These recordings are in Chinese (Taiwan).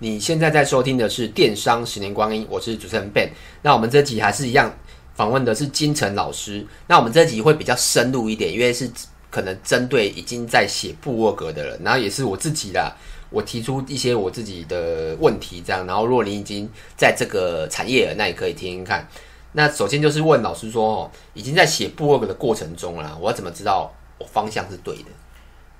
你現在在收聽的是《電商十年光陰》，我是主持人 Ben。那我們這集還是一樣，訪問的是金城老師。那我們這集會比較深入一點，因為是可能針對已經在寫部落格的人，然後也是我自己啦。我提出一些我自己的問題，這樣。然後，若您已經在這個產業了，那也可以聽聽看。那首先就是問老師說：哦，已經在寫部落格的過程中了，我要怎麼知道我方向是對的？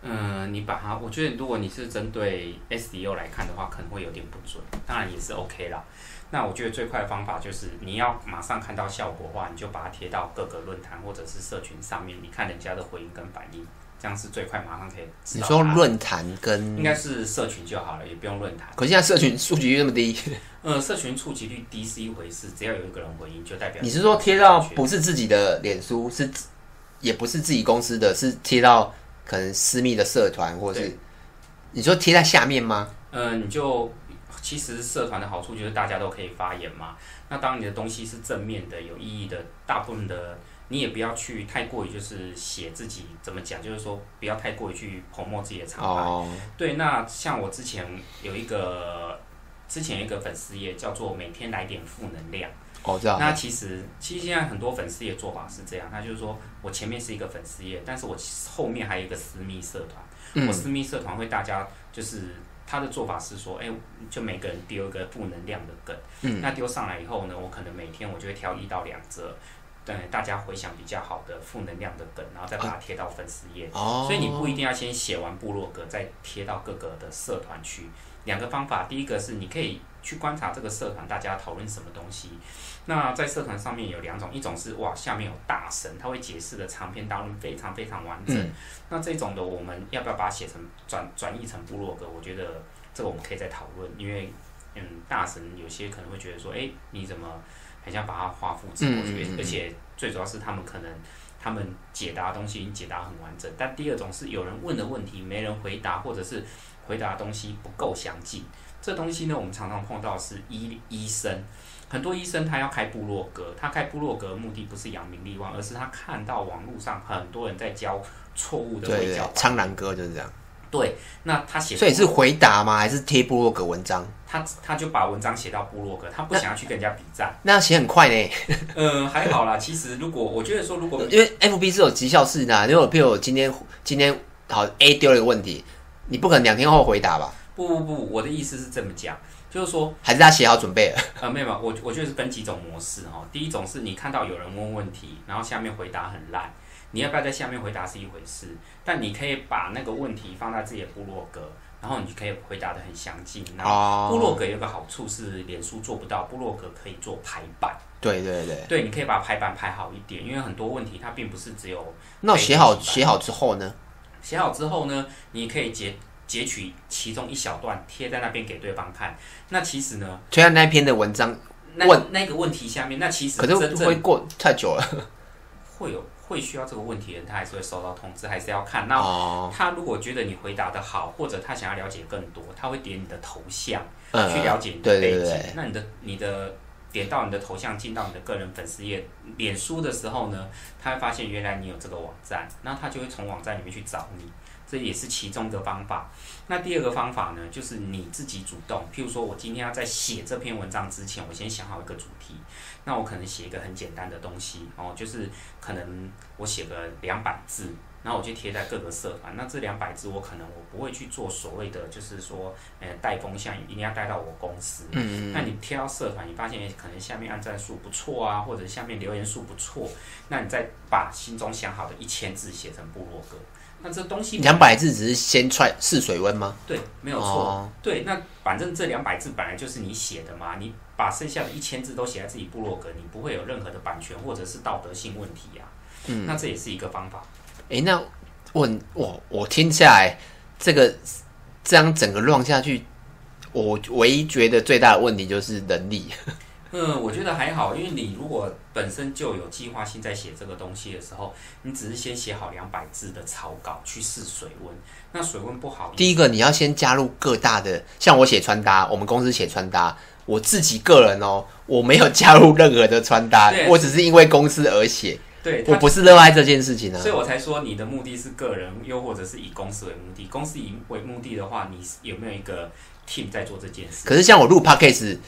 嗯，你把它，我覺得如果你是針對 S E O 來看的話，可能會有點不準，當然也是 O K 啦。那我覺得最快的方法就是，你要馬上看到效果的話，你就把它貼到各個論壇或者是社群上面，你看人家的回應跟反應，這樣是最快，馬上可以。你說論壇跟應該是社群就好了，也不用論壇。可現在社群觸及率那麼低。呃、 嗯，社群觸及率低是一回事，只要有一個人回應，就代表你，你是說貼到不是自己的臉書，是也不是自己公司的，是貼到。可能私密的社團，或者是對你說貼在下面嗎？嗯、呃，你就其實社團的好處就是大家都可以發言嘛。那當你的東西是正面的、有意義的，大部分的你也不要去太過於就是寫自己怎麼講，就是說不要太過於去 promote 自己的場板。哦，oh. 對，那像我之前有一個之前一個粉絲頁叫做“每天來點負能量”。哦，這、oh, yeah. 那其實，其實現在很多粉絲頁做法是這樣，那就是說我前面是一個粉絲頁，但是我後面還有一個私密社團。嗯、我私密社團會大家就是他的做法是說，哎、欸，就每個人丟一個負能量的梗。嗯、那丟上來以後呢，我可能每天我就會挑一到兩則對，大家回想比較好的負能量的梗，然後再把它貼到粉絲頁。哦。所以你不一定要先寫完部落格再貼到各個的社團去。兩個方法，第一個是你可以去觀察這個社團，大家討論什麼東西。那在社團上面有兩種，一種是哇，下面有大神，他會解釋的長篇大論非常非常完整。嗯、那這種的我們要不要把它寫成轉轉譯成部落格？我覺得這個我們可以再討論，因為嗯大神有些可能會覺得說，誒、欸，你怎麼很想把它畫複製過去？嗯嗯嗯嗯，而且最主要是他們可能他們解答的東西已經解答很完整。但第二種是有人問的問題沒人回答，或者是。回答的東西不夠詳盡，這東西呢，我們常常碰到是醫醫生，很多醫生他要開部落格，他開部落格的目的不是揚名立萬，而是他看到網絡上很多人在錯誤教錯誤的。對，蒼蘭哥就是這樣。對，那他寫所以是回答嗎？還是貼部落格文章？他他就把文章寫到部落格，他不想要去跟人家比讚。那寫很快呢？呃、 嗯，還好啦。其實如果我覺得說，如果因為 FB 是有績效事、啊，的，因為我譬如我今天今天好 A 丟了一個問題。你不可能兩天後回答吧？不不不，我的意思是這麼講，就是說還是大家寫好準備了沒有、呃、沒有，我我覺得是分幾種模式哈、哦。第一種是你看到有人問問題，然後下面回答很爛，你要不要在下面回答是一回事，但你可以把那個問題放在自己的部落格，然後你可以回答的很詳盡。那部落格有個好處是，臉書做不到，部落格可以做排版。對對對，對，你可以把排版排好一點，因為很多問題它並不是只有。那寫好寫好之後呢？寫好之後呢，你可以截截取其中一小段貼在那邊給對方看。那其實呢，就在那篇的文章那問那個問題下面，那其實可是會過太久了，會有會需要這個問題的人，他還是會收到通知，還是要看。那他如果覺得你回答得好，或者他想要了解更多，他會點你的頭像，呃，去了解你的背景。對對對對。那你的，你的，點到你的頭像，進到你的個人粉絲頁，臉書的時候呢，他會發現原來你有這個網站，那他就會從網站裡面去找你，這也是其中一個方法。那第二個方法呢，就是你自己主動，譬如說我今天要在寫這篇文章之前，我先想好一個主題，那我可能寫一個很簡單的東西哦，就是可能我寫個兩百字。然後我就貼在各個社團。那這兩百字我可能我不會去做所謂的，就是說，呃，帶風向一定要帶到我公司。嗯。那你貼到社團，你發現可能下面按讚數不錯啊，或者下面留言數不錯，那你再把心中想好的一千字寫成部落格。那這東西兩百字只是先踹試水溫嗎？對，沒有錯。哦。對，那反正這兩百字本來就是你寫的嘛，你把剩下的一千字都寫在自己部落格，你不會有任何的版權或者是道德性問題呀、啊。嗯。那這也是一個方法。哎，那問我，我，我聽下來這個這樣整個亂下去，我唯一覺得最大的問題就是能力。嗯，我覺得還好，因為你如果本身就有計劃性在寫這個東西的時候，你只是先寫好兩百字的草稿去試水溫。那水溫不好，第一個你要先加入各大的，像我寫穿搭，我們公司寫穿搭，我自己個人哦，我沒有加入任何的穿搭，對我只是因為公司而寫。對，我不是熱愛這件事情呢、啊，所以我才說你的目的是個人，又或者是以公司為目的。公司以為目的的話，你是有沒有一個 team 在做這件事情？可是像我錄 Podcast，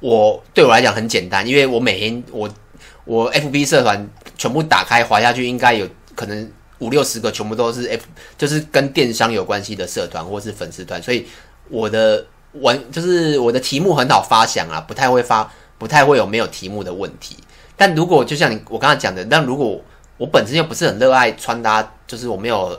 我對我來講很簡單，因為我每天我我 FB 社團全部打開滑下去，應該有可能五六十個，全部都是 F，就是跟電商有關係的社團或者是粉絲團，所以我的玩就是我的題目很好發想啊，不太會發，不太會有沒有題目的問題。但如果就像你我剛才講的，但如果我本身又不是很熱愛穿搭，就是我沒有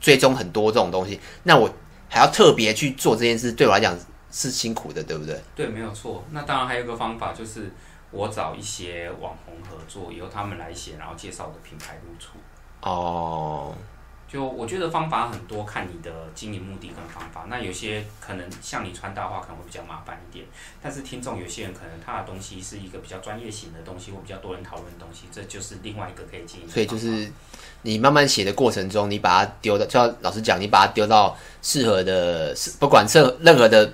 追蹤很多這種東西，那我還要特別去做這件事，對我來講是辛苦的，對不對？對，沒有錯。那當然還有一個方法，就是我找一些網紅合作，由他們來寫，然後介紹我的品牌露出。哦。Oh. 就我覺得方法很多，看你的經營目的跟方法。那有些可能像你穿搭的話，可能會比較麻煩一點。但是聽眾有些人可能他的東西是一個比較專業型的東西，或比較多人討論的東西，這就是另外一個可以經營。所以就是你慢慢寫的過程中，你把它丟到，就要老實講，你把它丟到適合的，不管任任何的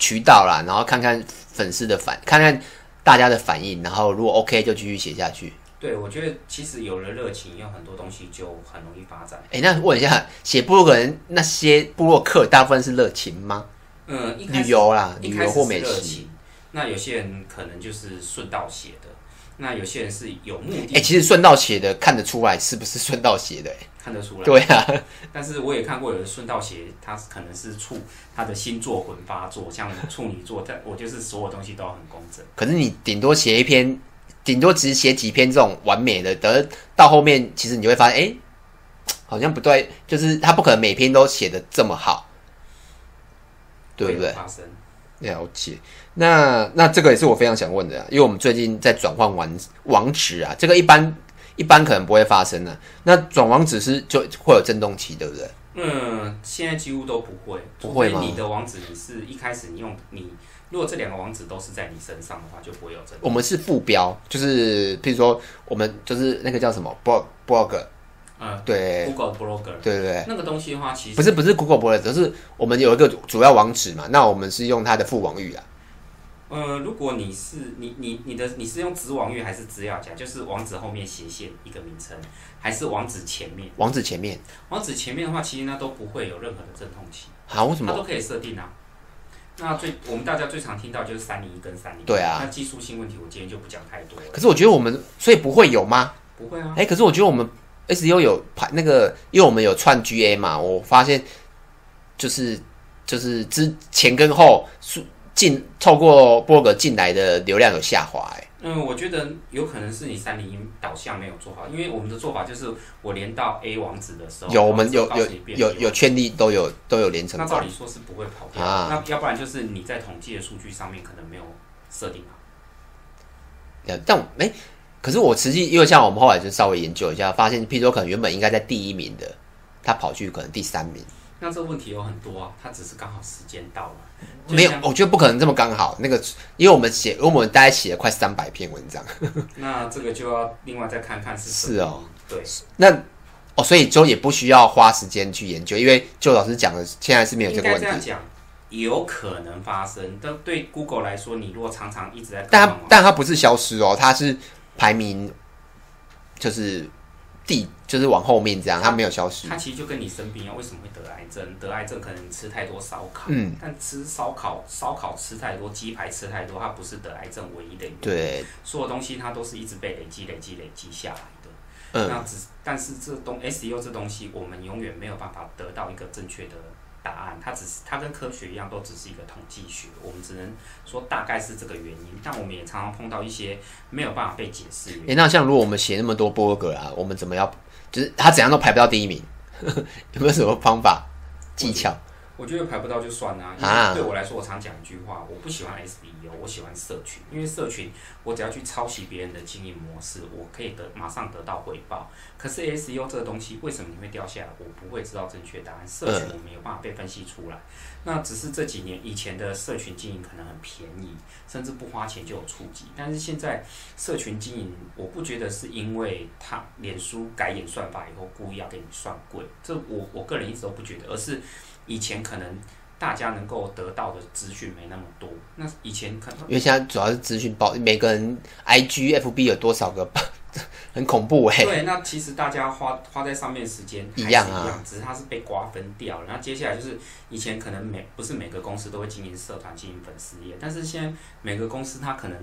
渠道啦，然後看看粉絲的反，看看大家的反應，然後如果 OK 就繼續寫下去。對，我覺得其實有了熱情，有很多東西就很容易發展。哎、欸，那問一下，寫部落格那些部落客，大部分是熱情嗎？嗯，旅遊啦，熱情旅遊或美食。那有些人可能就是順道寫的，那有些人是有目的。哎、欸，其實順道寫的看得出來是不是順道寫的、欸？看得出來。對啊。 但是我也看過有人順道寫，他可能是處他的星座魂發作，像處女座， 但我就是所有東西都要很工整。可是你頂多寫一篇。頂多只是寫幾篇這種完美的，得到後面其實你就會發現，哎、欸，好像不對，就是他不可能每篇都寫的這麼好，對不對？了解，那那這個也是我非常想問的、啊，因為我們最近在轉換網網址啊，這個一般一般可能不會發生的、啊。那轉網址是就，就會有震動期，對不對？嗯，現在幾乎都不會，不會嗎？你的網址你是一開始你用你。如果這兩個網址都是在你身上的話，就不會有這。我們是副標，就是譬如說，我們就是那個叫什麼 blog，嗯、呃，對，Google Blogger 對對，對那個東西的話，其實不是不是 Google Blogger 就是我們有一個主要網址嘛，那我們是用它的副網域啊。呃，如果你是你你你的你是用子網域還是資料夾？就是網址後面斜線一個名稱，還是網址前面？網址前面，網址前面的話，其實呢都不會有任何的陣痛期好、啊，為什麼？它都可以設定啊。那最我們大家最常聽到就是三零一跟三零一對啊，那技術性問題我今天就不講太多可，啊欸。可是我覺得我們所以不會有嗎？不會啊。哎，可是我覺得我們 SEO 有排那個，因為我們有串 GA 嘛，我發現就是就是之前跟後數進透過 BORG 進來的流量有下滑，誒、欸。嗯，我覺得有可能是你三零一導向沒有做好，因為我們的做法就是我連到 A 王子的時候，有我們有有有有圈地，都有都有連成。那照理說是不會跑掉？啊、那要不然就是你在統計的數據上面可能沒有設定好。但哎、欸，可是我實際因為像我們後來就稍微研究一下，發現譬如說可能原本應該在第一名的，他跑去可能第三名。那這個問題有很多啊，它只是剛好時間到了。沒有，我覺得不可能這麼剛好。那個，因為我們寫，我們大概寫了快三百篇文章。那這個就要另外再看看是不是。是哦，對。是那哦，所以就也不需要花時間去研究，因為就老師講的，現在是沒有這個問題。這樣講，有可能發生，但對 Google 來說，你若常常一直在但，但但它不是消失哦，它是排名，就是。地就是往後面這樣，他沒有消失。他其實就跟你生病一樣，為什麼會得癌症？得癌症可能你吃太多燒烤，嗯，但吃燒烤、燒烤吃太多，雞排吃太多，它不是得癌症唯一的用。對，所有東西它都是一直被累積、累積、累積下來的。嗯，那只但是這東 SEO 這東西，我們永遠沒有辦法得到一個正確的，答案，它只是，它跟科學一樣，都只是一個統計學。我們只能說大概是這個原因，但我們也常常碰到一些沒有辦法被解釋。哎、欸，那像如果我們寫那麼多部落格啊，我們怎麼樣？就是他怎樣都排不到第一名， 有沒有什麼方法 技巧？我覺得排不到就算啦、啊。因為對我來說，我常講一句話，我不喜歡 SEO，我喜歡社群。因為社群，我只要去抄襲別人的經營模式，我可以得馬上得到回報。可是 SEO 這個東西，為什麼你會掉下來？我不會知道正確答案。社群我沒有辦法被分析出來。嗯、那只是這幾年以前的社群經營可能很便宜，甚至不花錢就有觸及。但是現在社群經營，我不覺得是因為他臉書改演算法以後故意要給你算貴。這我我個人一直都不覺得，而是。以前可能大家能夠得到的資訊沒那麼多，那以前可能因為現在主要是資訊包，每個人 I G F B 有多少個，呵呵很恐怖哎、欸。對，那其實大家花花在上面時間一,一樣啊，只是它是被瓜分掉了。那接下來就是以前可能每不是每個公司都會經營社團、經營粉絲頁，但是現在每個公司它可能。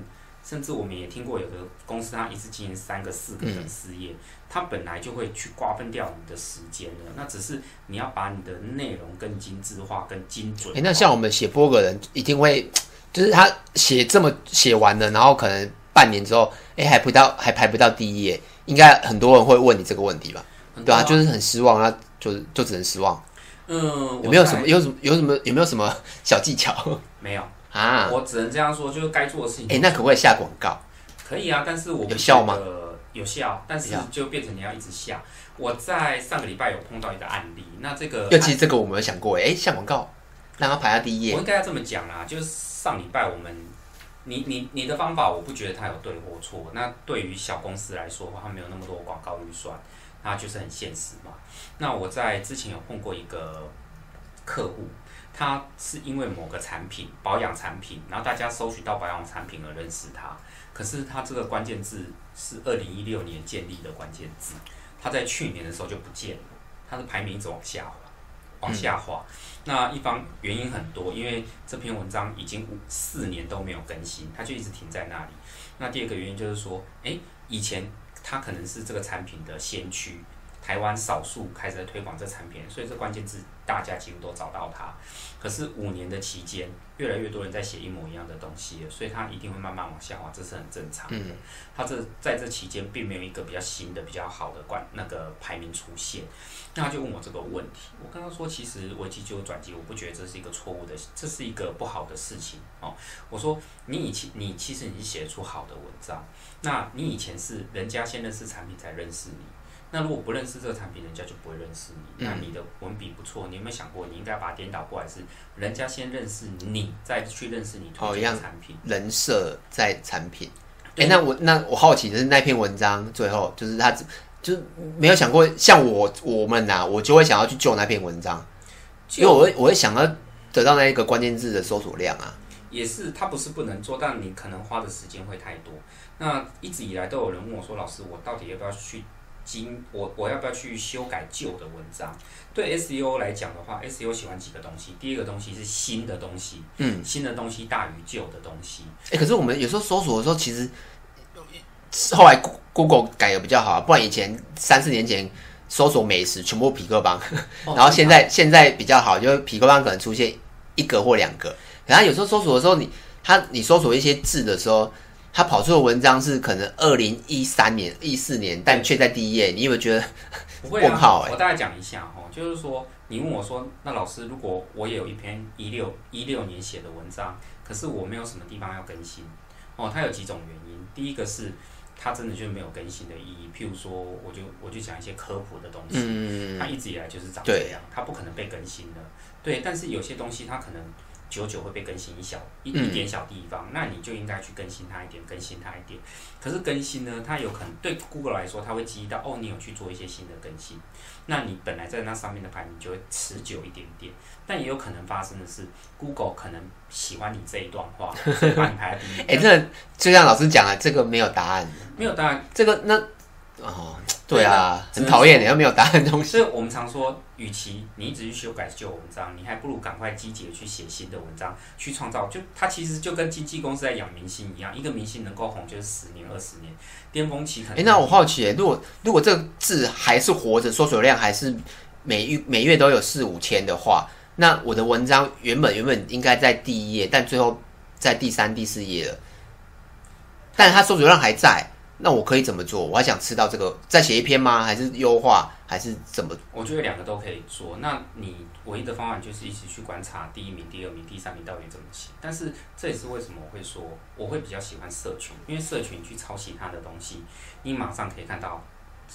甚至我們也聽過有的公司，他一次經營三個、四個的事業，嗯、他本來就會去瓜分掉你的時間的。那只是你要把你的內容更精致化、更精準、欸。那像我們寫部落格人，一定會就是他寫這麼寫完了，然後可能半年之後，哎、欸，還不到，還排不到第一頁。應該很多人會問你這個問題吧？啊對啊，就是很失望啊，他就就只能失望。嗯，有沒有什麼？剛有什麼，有什麼，有什麼？有沒有什麼小技巧？ 沒有。啊，我只能這樣說，就是該做的事情。哎、欸，那可不可以下廣告？可以啊，但是我們有效，有效嗎？有效，但是就變成你要一直下。我在上個禮拜有碰到一個案例，那這個，其實這個我沒有想過、欸，哎、欸，下廣告讓它排在第一頁。我應該要這麼講啦、啊，就是上禮拜我們，你你你的方法，我不覺得它有對或錯。那對於小公司來說的話，它沒有那麼多廣告預算，那就是很現實嘛。那我在之前有碰過一個。客戶，他是因為某個產品保養產品，然後大家搜尋到保養產品而認識他。可是他這個關鍵字是二零一六年建立的關鍵字，他在去年的時候就不見了，他的排名一直往下滑，往下滑。嗯、那一方原因很多，因為這篇文章已經五四年都沒有更新，他就一直停在那裡。那第二個原因就是說，哎，以前他可能是這個產品的先驅。台灣少數開始在推廣這產品，所以這關鍵字大家幾乎都找到它。可是，五年的期間，越來越多人在寫一模一樣的東西，所以它一定會慢慢往下滑，這是很正常的。它、嗯、這在這期間並沒有一個比較新的、比較好的關那個排名出現，那他就問我這個問題，我跟他說，其實危機就有轉機，我不覺得這是一個錯誤的，這是一個不好的事情哦。我說你以前你其實已經寫得出好的文章，那你以前是人家先認識產品才認識你。那如果不認識這個產品，人家就不會認識你。嗯、那你的文筆不錯，你有沒有想過，你應該把它顛倒過來，是人家先認識你，嗯、再去認識你。好、哦，一樣產品，人設在產品。哎對、欸，那我那我好奇的是，那篇文章最後就是他，就是沒有想過像我我們吶、啊，我就會想要去救那篇文章，就因為我會我會想要得到那一個關鍵字的搜索量啊。也是，他不是不能做，但你可能花的時間會太多。那一直以來都有人問我說：“老師，我到底要不要去？”新我我要不要去修改舊的文章？對 SEO 來講的話，SEO 喜歡幾個東西。第一個東西是新的東西，嗯，新的東西大於舊的東西，欸。可是我們有時候搜索的時候，其實後來 Google 改的比較好，啊，不然以前三四年前搜索美食全部痞客邦，哦， 然後現在他現在比較好，就痞客邦可能出現一個或兩個。然後有時候搜索的時候你，你他你搜索一些字的時候。他跑出的文章是可能二零一三年、一四年，但卻在第一頁。對你有沒有覺得？不會啊！欸、我大概講一下哈，就是說，你問我說，那老師，如果我也有一篇一六一六年寫的文章，可是我沒有什麼地方要更新哦，它有幾種原因。第一個是它真的就沒有更新的意義，譬如說，我就我就講一些科普的東西，他嗯嗯，它一直以來就是長這樣，對它不可能被更新的。對，但是有些東西它可能。久久會被更新一小，小一一點小地方，嗯、那你就應該去更新它一點，更新它一點。可是更新呢，它有可能對 Google 來說，它會記憶到哦，你有去做一些新的更新，那你本來在那上面的排名就會持久一點點。但也有可能發生的是，Google 可能喜歡你這一段話安排。哎、 欸，那就像老師講了，啊，這個沒有答案。沒有答案，這個那哦，對啊，對啊，真很討厭的，又沒有答案的東西。所以我們常說。與其你一直去修改舊文章，你還不如趕快積極的去寫新的文章，去創造。就它其實就跟經紀公司在養明星一樣，一個明星能夠紅就是十年二十年，巔峰期可能。哎、欸，那我好奇，如果如果這個字還是活着，搜索量還是每月每月都有四五千的話，那我的文章原本原本應該在第一頁，但最後在第三第四頁了，但是它搜索量還在。那我可以怎麼做？我還想吃到這個，再寫一篇嗎？還是優化，還是怎麼？我覺得兩個都可以做。那你唯一的方案就是一起去觀察第一名、第二名、第三名到底怎麼寫。但是這也是為什麼我會說，我會比較喜歡社群，因為社群你去抄襲他的東西，你馬上可以看到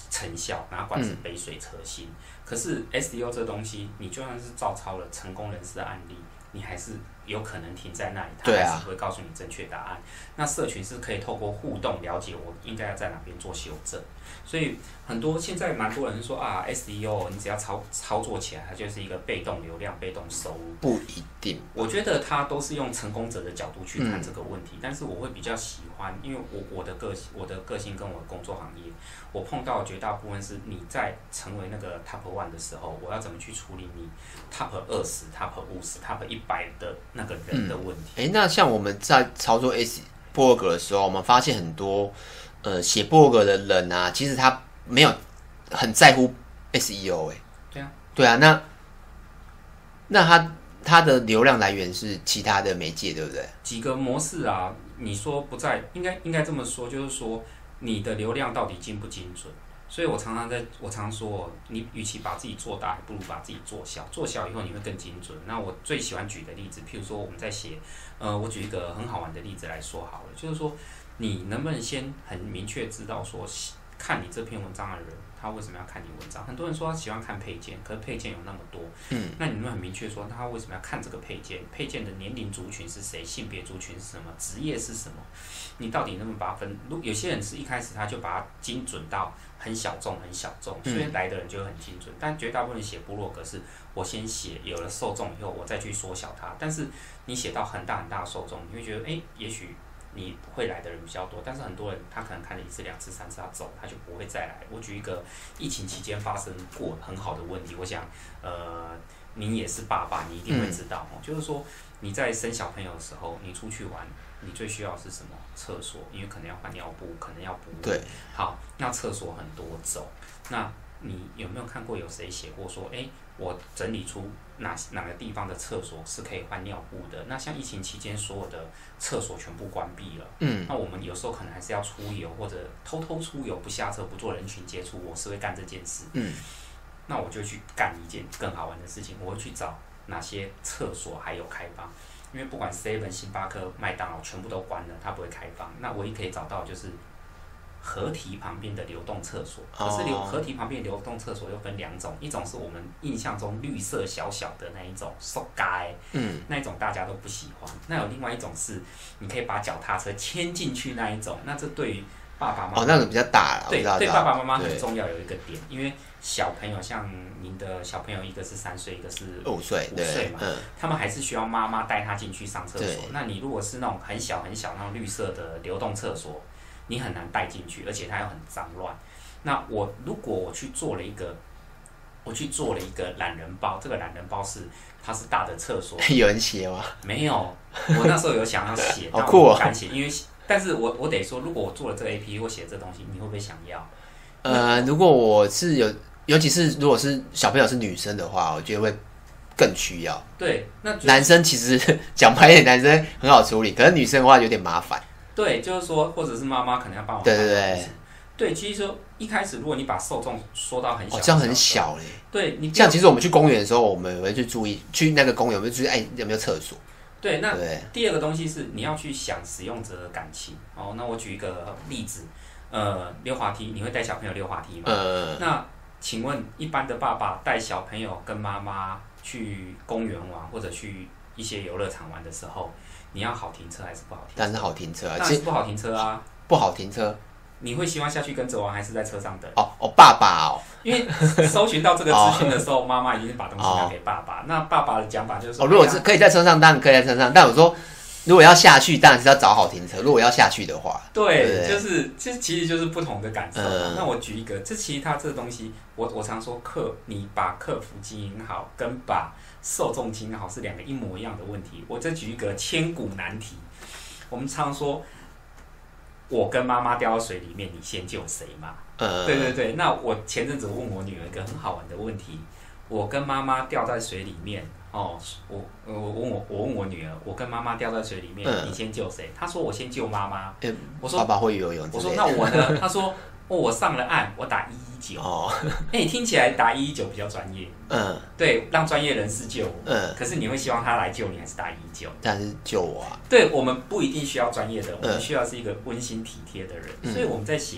成效，哪怕是杯水車薪。嗯、可是 SEO 這東西，你就算是照抄了成功人士的案例，你還是。有可能停在那裡，他還是會告訴你正確答案。啊、那社群是可以透過互動了解我應該要在哪邊做修正。所以很多現在蠻多人說啊，SEO 你只要操操作起來，它就是一個被動流量、被動收入。不一定，我覺得它都是用成功者的角度去看這個問題。嗯、但是我會比較喜歡，因為我我的個性、我的個性跟我的工作行業，我碰到絕大部分是你在成為那個 Top One 的時候，我要怎麼去處理你 Top 二十、Top 五十、Top 一百的。那個人的問題。哎、嗯欸，那像我們在操作 SEO 博客的時候，我們發現很多呃寫博客的人啊，其實他沒有很在乎 SEO 哎、欸。對啊。對啊，那那他他的流量來源是其他的媒介，對不對？幾個模式啊？你說不在，應該應該這麼說，就是說你的流量到底精不精準？所以，我常常在，我常常說，你與其把自己做大，不如把自己做小。做小以後，你會更精準。那我最喜歡舉的例子，譬如說，我們在寫，呃，我舉一個很好玩的例子來說好了，就是說，你能不能先很明確知道說，看你這篇文章的人。他為什麼要看你文章？很多人說他喜歡看配件，可是配件有那麼多，嗯，那你能不能很明確說，他為什麼要看這個配件？配件的年齡族群是誰？性別族群是什麼？職業是什麼？你到底能不能把它分？如有些人是一開始他就把它精準到很小眾很小眾，所以來的人就很精準，嗯、但絕大部分寫部落格是，我先寫有了受眾以後，我再去縮小它。但是你寫到很大很大的受眾，你會覺得，哎、欸，也許。你會來的人比較多，但是很多人他可能看了一次、兩次、三次他走，他就不會再來。我舉一個疫情期間發生過很好的問題，我想，呃，你也是爸爸，你一定會知道哦。嗯、就是說你在生小朋友的時候，你出去玩，你最需要是什麼？廁所，因為可能要換尿布，可能要補。對，好，那廁所很多種。那你有沒有看過有誰寫過說，哎、欸，我整理出？哪哪個地方的廁所是可以換尿布的？那像疫情期間，所有的廁所全部關閉了。嗯，那我們有時候可能還是要出遊，或者偷偷出遊，不下車，不做人群接觸，我是會幹這件事。嗯，那我就去幹一件更好玩的事情，我會去找哪些廁所還有開放，因為不管 Seven、星巴克、麥當勞全部都關了，它不會開放。那唯一可以找到就是。河堤旁邊的流動廁所，可是流河堤旁邊流動廁所又分兩種，一種是我們印象中綠色小小的那一種，塑膠的，嗯，那一種大家都不喜歡。那有另外一種是，你可以把腳踏車牽進去那一種，那這對於爸爸媽媽哦，那種、個、比較大啦，對對，對爸爸媽媽很重要。有一個點，對因為小朋友像您的小朋友一，一個是三歲，一個是五歲，五歲嘛，嗯、他們還是需要媽媽帶他進去上廁所。對那你如果是那種很小很小那種綠色的流動廁所。你很難帶進去，而且它又很髒亂。那我如果我去做了一個，我去做了一個懶人包，這個懶人包是它是大的廁所。有人寫嗎？沒有，我那時候有想要寫，但我敢寫，因為但是我我得說，如果我做了這個 A P P，或寫這個東西，你會不會想要？呃，如果我是有，尤其是如果是小朋友是女生的話，我覺得會更需要。對，那、就是、男生其實講白一點，男生很好處理，可是女生的話有點麻煩。對，就是說，或者是媽媽可能要幫我。對對對，對。其實說一開始，如果你把受眾說到很小，好像、哦、很小嘞。對，你這樣其實我們去公園的時候，我們也會去注意去那個公園會注意哎，有沒有廁所？對，那對第二個東西是你要去想使用者的感情。哦，那我舉一個例子，呃，溜滑梯，你會帶小朋友溜滑梯嗎？呃，那請問一般的爸爸帶小朋友跟媽媽去公園玩或者去。一些遊樂場玩的時候，你要好停車還是不好停車？但是好停車、啊，但還是不好停車啊！不好停車，你會希望下去跟着玩，還是在車上等？哦哦，爸爸哦，因為搜尋到這個資訊的時候，媽媽、哦、已經把東西拿給爸爸。哦、那爸爸的講法就是說：哦，如果，哎、呀如果是可以在車上，當然可以在車上。但我說，如果要下去，當然是要找好停車。如果要下去的話，對，對對對，就是其實就是不同的感受。嗯、那我舉一個，這其實他這個東西，我我常說客，你把客服經營好，跟把。受重金好是兩個一模一樣的問題，我再舉一個千古難題，我們常說，我跟媽媽掉到水裡面，你先救誰嘛？呃，對對對，那我前陣子我問我女兒一個很好玩的問題，我跟媽媽掉在水裡面，哦，我、呃、我問我我問我女兒，我跟媽媽掉在水裡面，呃、你先救誰？她說我先救媽媽、欸嗯，我說爸爸會游泳，我說那我呢？她說。 哦、我上了岸，我打一一九。哦，你、欸、聽起來打一一九比較專業。嗯，對，讓專業人士救我。嗯，可是你會希望他來救你，還是打一一九？但是救我啊。對，我們不一定需要專業的，我們需要是一個溫馨體貼的人。嗯、所以我們在寫，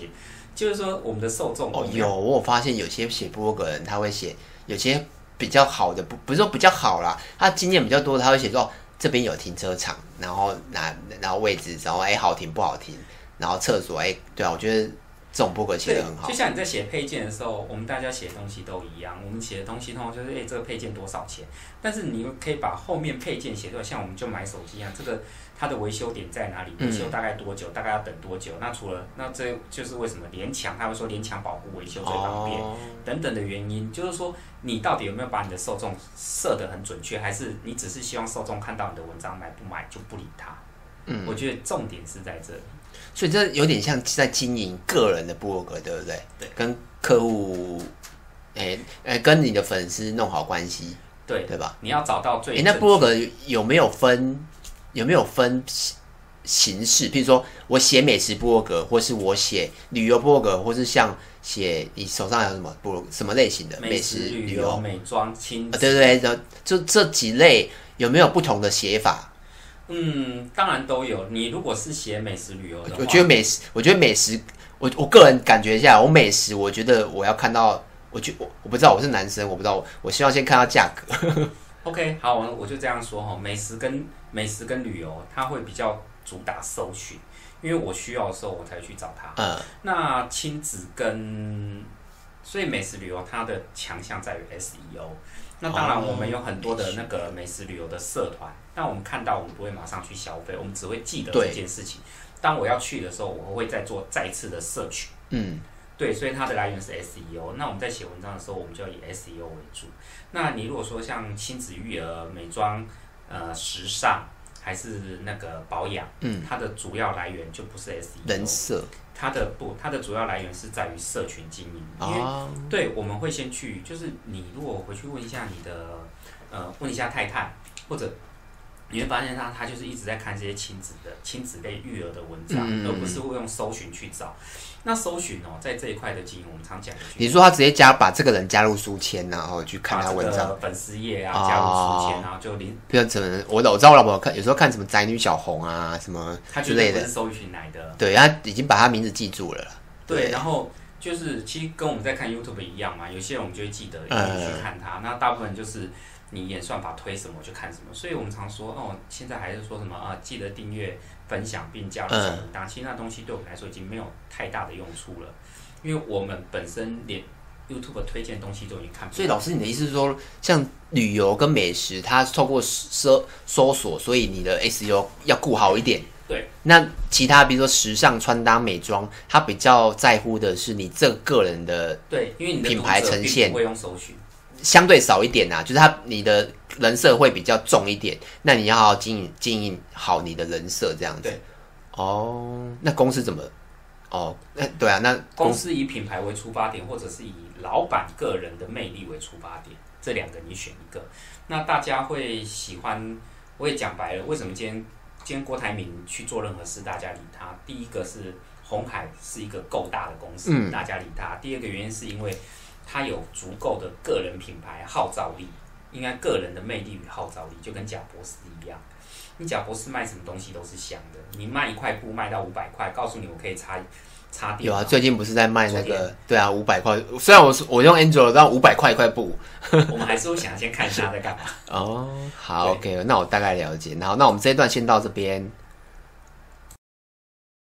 就是說我們的受眾有,、哦、有，我有發現有些寫部落格的人他會寫，有些比較好的不不是說比較好啦，他經驗比較多，他會寫說這邊有停車場，然後拿然後位置，然後哎、欸、好停不好停，然後廁所哎、欸、對啊，我覺得。總部博客寫得很好，就像你在寫配件的時候，我們大家寫東西都一樣。我們寫的東西通常就是，誒、欸，這個配件多少錢？但是你又可以把後面配件寫出來，像我們就買手機一樣，這個它的維修點在哪裡？維修大概多久？嗯、大概要等多久？那除了那這就是為什麼聯強他會說聯強保護維修最方便、哦、等等的原因，就是說你到底有沒有把你的受眾設得很準確，還是你只是希望受眾看到你的文章買不買就不理他？嗯、我覺得重點是在這裡。所以這有點像在經營個人的博客，對不對？對，跟客戶、欸欸，跟你的粉絲弄好關係，對對吧？你要找到最。哎、欸，那博客有沒有分？有沒有分形式？比如說，我寫美食博客，或是我寫旅遊博客，或是像寫你手上有什麼博客，什麼類型的美食、美食旅遊、美妝、親子、哦？對對，對就，就這幾類有沒有不同的寫法？嗯，當然都有。你如果是寫美食旅遊，我覺得美食，我覺得美食，我我個人感覺一下，我美食，我覺得我要看到，我就，我我不知道，我是男生，我不知道，我希望先看到價格。 OK，好，我我就這樣說哈。美食跟美食跟旅遊，它會比較主打搜尋，因為我需要的時候我才去找它。嗯，那親子跟所以美食旅遊它的強項在於 SEO。那當然，我們有很多的那個美食旅遊的社團。嗯嗯那我們看到，我們不會馬上去消費，我們只會記得這件事情。對當我要去的時候，我會再做再次的 search。嗯，對，所以它的來源是 SEO。那我們在寫文章的時候，我們就要以 SEO 為主。那你如果說像親子育兒、美妝、呃，時尚，還是那個保養，嗯，它的主要來源就不是 SEO 色。人設。它的不，它的主要來源是在於社群經營。啊，對，我們會先去，就是你如果回去問一下你的，呃，問一下太太或者。你會發現他，他就是一直在看這些親子的、親子類育兒的文章，嗯、而不是會用搜尋去找。那搜尋哦、喔，在這一塊的經營，我們常講、就是，你說他直接加把這個人加入書籤，然後去看他文章、啊這個、粉絲頁啊，加入書籤啊，哦、然後就連不要怎我老我知道我老婆看，有時候看什麼宅女小紅啊什麼之類的，他就是是搜尋來的，對，他已經把他名字記住了。對,對，然後就是其實跟我們在看 YouTube 一樣嘛，有些人我們就會記得，嗯，去看他，那大部分就是。你演算法，推什麼我就看什麼，所以我們常說哦，現在還是說什麼啊？記得訂閱、分享並加了星。打星、嗯、那東西對我們來說已經沒有太大的用處了，因為我們本身連 YouTube 推薦東西都已經看不了。所以老師，你的意思是說，像旅遊跟美食，它透過搜搜索，所以你的 SEO 要顧好一點。對。那其他比如說時尚、穿搭、美妝，它比較在乎的是你這個，個人的。對，因為你的品牌呈現不會用搜尋相對少一點吶、啊，就是他你的人設會比較重一點，那你要好好經營經營好你的人設這樣子。哦對，oh, 那公司怎麼？哦、oh, 欸，那對啊，那公司以品牌為出發點，或者是以老板個人的魅力為出發點，這兩個你選一個。那大家會喜歡，我也講白了，為什麼今天今天郭台銘去做任何事，大家理他？第一個是紅海是一個夠大的公司，嗯、大家理他。第二個原因是因為。他有足夠的個人品牌號召力，應該個人的魅力與號召力就跟賈博士一樣。你賈博士賣什麼東西都是香的，你賣一塊布賣到五百塊，告訴你我可以插插電。有啊，後最近不是在賣那個？天對啊，五百塊，雖然我是我用安卓，但五百塊一塊布。我們還是會想先看一下他在幹嘛。 哦，好對，OK，那我大概了解。然後，那我們這一段先到這邊。